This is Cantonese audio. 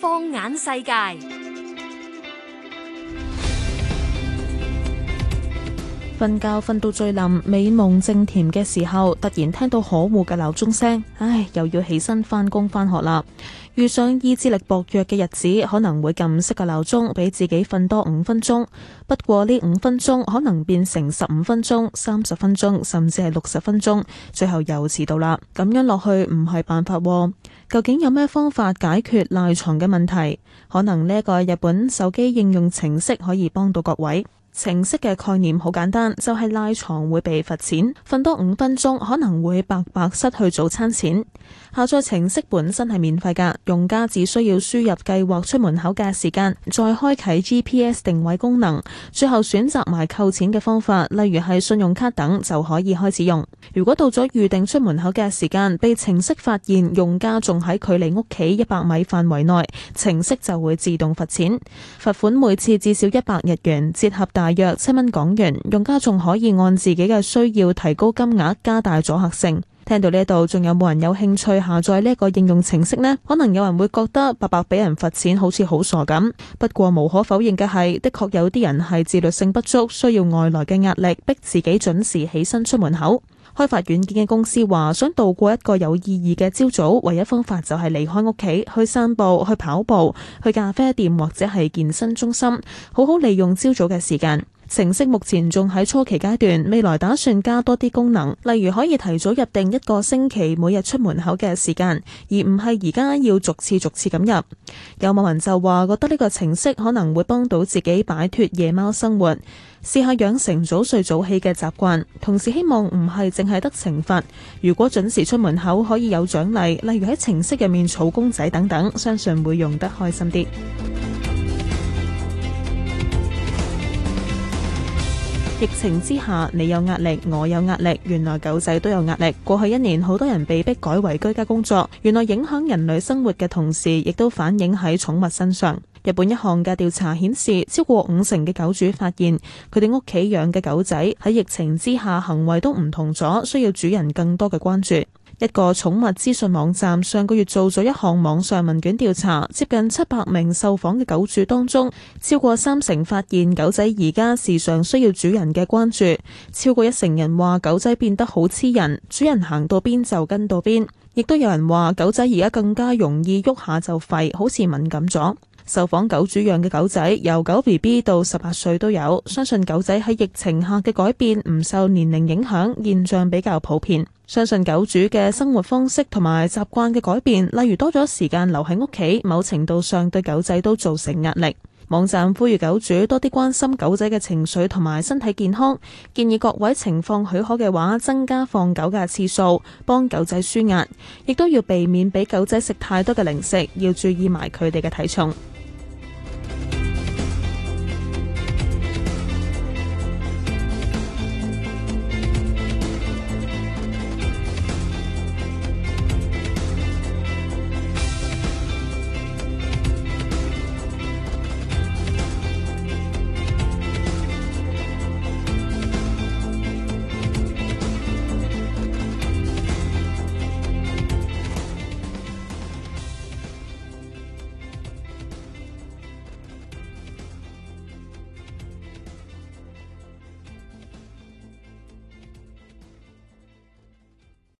放眼世界。瞓覺瞓到最冧，美夢正甜嘅時候，突然聽到可惡嘅鬧鐘聲，唉，又要起身返工返學啦。遇上意志力薄弱嘅日子，可能會撳熄個鬧鐘，俾自己瞓多五分鐘。不過呢五分鐘可能變成十五分鐘、三十分鐘，甚至係六十分鐘，最後又遲到啦。咁樣落去唔係辦法喎。究竟有咩方法解決賴床嘅問題？可能呢個日本手機應用程式可以幫到各位。程式嘅概念好簡單，就係賴床會被罰錢，瞓多五分鐘可能會白白失去早餐錢。下載程式本身係免費㗎，用家只需要輸入計劃出門口嘅時間，再開啟 GPS 定位功能，最後選擇埋扣錢嘅方法，例如係信用卡等就可以開始用。如果到咗預定出門口嘅時間，被程式發現用家仲喺距離屋企一百米範圍內，程式就會自動罰錢，罰款每次至少一百日元，折合大約七蚊港元，用家仲可以按自己嘅需要提高金額，加大阻嚇性。聽到呢度，仲有冇人有興趣下載呢個應用程式呢？可能有人會覺得白白俾人罰錢，好似好傻咁。不過無可否認嘅係，的確有啲人係自律性不足，需要外來嘅壓力逼自己準時起身出門口。開發軟件嘅公司話，想度過一個有意義嘅朝早，唯一方法就係離開屋企，去散步、去跑步、去咖啡店或者係健身中心，好好利用朝早嘅時間。程式目前仲喺初期階段，未來打算加多啲功能，例如可以提早入定一個星期每日出門口嘅時間，而唔係而家要逐次逐次咁入。有網民就話覺得呢個程式可能會幫到自己擺脫夜貓生活，試下養成早睡早起嘅習慣，同時希望唔係淨係得懲罰，如果準時出門口可以有獎勵，例如喺程式入面儲公仔等等，相信會用得開心啲。疫情之下，你有壓力，我有壓力，原來狗仔都有壓力。過去一年，好多人被迫改為居家工作，原來影響人類生活嘅同時，亦都反映喺寵物身上。日本一項嘅調查顯示，超過五成嘅狗主發現，佢哋屋企養嘅狗仔喺疫情之下行為都唔同咗，需要主人更多嘅關注。一個寵物資訊網站上個月做咗一項網上問卷調查，接近七百名受訪嘅狗主當中，超過三成發現狗仔而家時常需要主人嘅關注，超過一成人話狗仔變得好黐人，主人行到邊就跟到邊，亦都有人話狗仔而家更加容易喐下就吠，好似敏感咗。受訪狗主養嘅狗仔由狗 BB 到十八歲都有，相信狗仔喺疫情下嘅改變唔受年齡影響，現象比較普遍。相信狗主嘅生活方式同埋習慣嘅改變，例如多咗時間留喺屋企，某程度上對狗仔都造成壓力。網站呼籲狗主多啲關心狗仔嘅情緒同埋身體健康，建議各位情況許可嘅話，增加放狗嘅次數，幫狗仔紓壓，亦都要避免俾狗仔食太多嘅零食，要注意埋佢哋嘅體重。